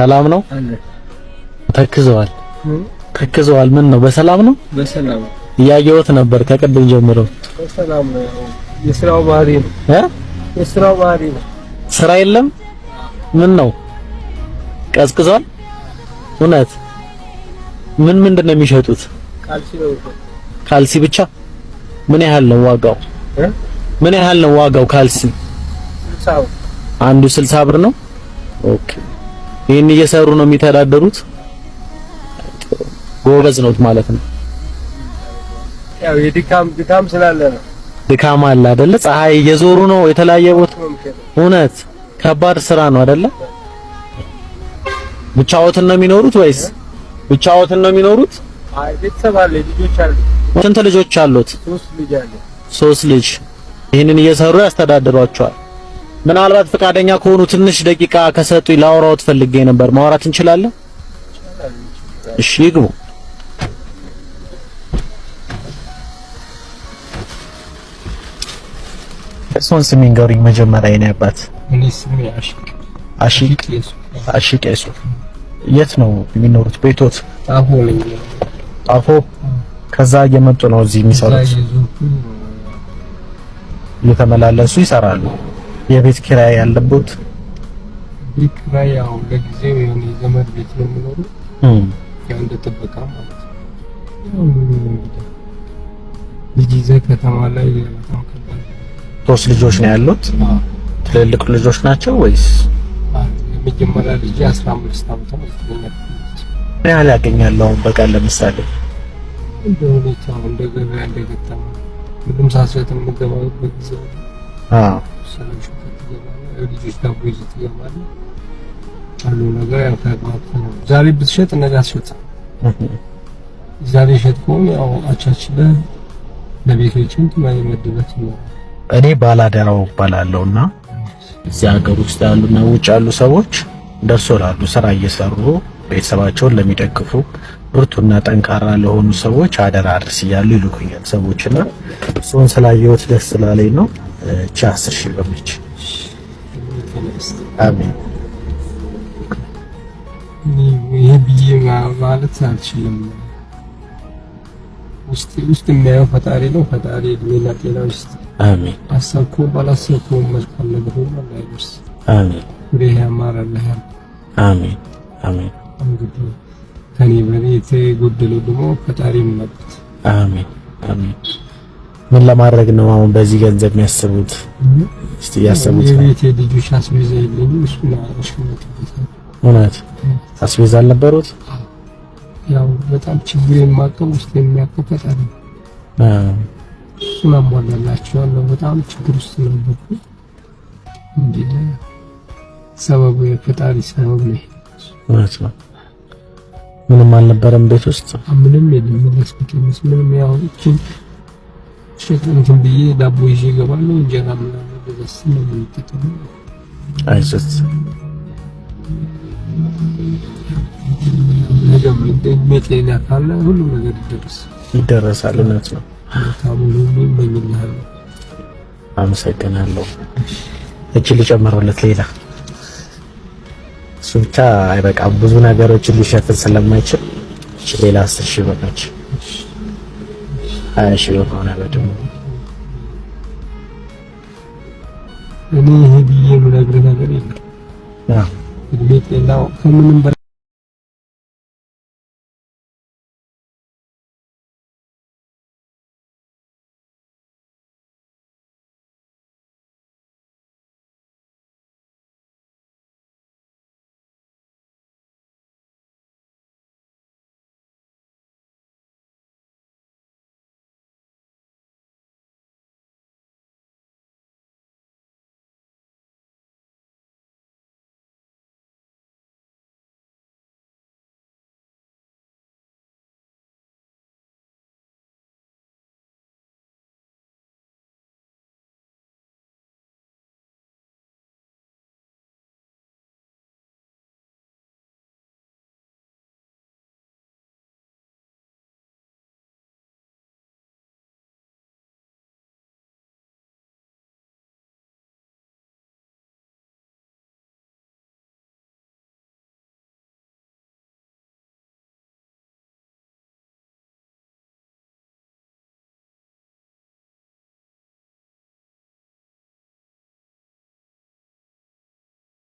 ሰላም ነው። ተክዘዋል ተክዘዋል። ምን ነው? በሰላም ነው። በሰላም እያየሁት ነበር ከቅድም ጀምሮ። በሰላም ነው። የስራው ባህሪ ነው እ የስራው ባህሪ ነው። ስራ የለም። ምን ነው? ቀዝቅዟል። እውነት ምን ምንድን ነው የሚሸጡት? ካልሲ ብቻ። ምን ያህል ነው ዋጋው? ምን ያህል ነው ዋጋው ካልሲ? አንዱ ስልሳ ብር ነው። ኦኬ ይህን እየሰሩ ነው የሚተዳደሩት። ጎበዝ ነው ማለት ነው። ያው የድካም ድካም ስላለ ነው። ድካም አለ አይደለ? ፀሐይ እየዞሩ ነው የተለያየ ቦታ። እውነት ከባድ ስራ ነው አይደለ? ብቻዎትን ነው የሚኖሩት ወይስ ብቻዎትን ነው የሚኖሩት? አይ ቤተሰብ አለ፣ ልጆች አሉ። ስንት ልጆች አሉት? ሶስት ልጅ አለ። ሶስት ልጅ ይህንን እየሰሩ ያስተዳድሯቸዋል። ምናልባት ፈቃደኛ ከሆኑ ትንሽ ደቂቃ ከሰጡ ላውራው ፈልጌ ነበር። ማውራት እንችላለን? እሺ ይግቡ። እሱን ስም ንገሩኝ መጀመሪያ የኔ አባት። አሺቅ የት ነው የሚኖሩት? ቤቶት ጣፎ። ከዛ እየመጡ ነው እዚህ የሚሰሩት፣ እየተመላለሱ ይሰራሉ። የቤት ኪራይ ያለቦት ቤት ኪራይ ያው ለጊዜው የሆነ የዘመድ ቤት ነው የሚኖሩ ያው እንደ ጥበቃ ማለት ነው። ልጅ ይዘህ ከተማ ላይ በጣም ከባድ። ሶስት ልጆች ነው ያሉት። ትልልቅ ልጆች ናቸው ወይስ? የመጀመሪያ ልጅ 15 አመት ነው። ምን ያህል ያገኛል በቃ ለምሳሌ? እንደ ሁኔታው እንደ ገበያ እንደገጠመ ምንም ሳስረት የምገባበት ጊዜ ዛሬ ብትሸጥ ነገ አትሸጥም። ዛሬ የሸጥከውን ያው አቻችለህ ለቤቶችም ትመድበት ነው። እኔ ባላደራው እባላለሁ እና እዚህ ሀገር ውስጥ ያሉና ውጭ ያሉ ሰዎች እንደርሶ ላሉ ስራ እየሰሩ ቤተሰባቸውን ለሚደግፉ ብርቱና ጠንካራ ለሆኑ ሰዎች አደራ አድርስ እያሉ ይልኩኛል ሰዎችና እሱን ስላየሁት ደስ ስላለኝ ነው። እቺ አስር ሺህ ብር ነች። አሜን። ይህ ብዬ ማለት አልችልም። ውስጥ ውስጥ የሚያየው ፈጣሪ ነው። ፈጣሪ እድሜና ጤና ውስጥ አሜን። አሰብኩም ባላሰብኩም መልካም ነገር ሁሉ አይደርስ። አሜን። ፍሬ ያማረልሃል። አሜን አሜን። እንግዲህ ከኔ በኔ የተጎደለው ደግሞ ፈጣሪ ነው። አሜን አሜን። ምን ለማድረግ ነው አሁን በዚህ ገንዘብ የሚያስቡት? እስቲ ያስቡት። የቤት ልጆች አስቤዛ የለኝም። እሱ እውነት አስቤዛ አልነበሩት። ያው በጣም ችግር የማቀም ውስጥ የሚያቀው ፈጣሪ እሱን አሟላላቸዋለሁ። በጣም ችግር ውስጥ ነበርኩ። እንግዲህ ሰበቡ የፈጣሪ ሰበብ ነው። እውነት ነው። ምንም አልነበረም ቤት ውስጥ ምንም የለም። ምንም ያው እንትን ብዬ ዳቦ ይዤ እገባለሁ። እንጀራ ጤና ካለ ሁሉም ነገር ይደርስ ይደረሳል። እውነት ነው። አመሰግናለሁ። ሌላ እሱ ብቻ አይበቃም። ብዙ ነገሮችን ሊሸፍን ስለማይችል ሌላ አስር ሺህ በቃች። ሀያ ሺህ ብር ከሆነ በድሞ እኔ ይሄ ብዬ የምነግርህ ነገር የለም። እድሜ ጤናው ከምንም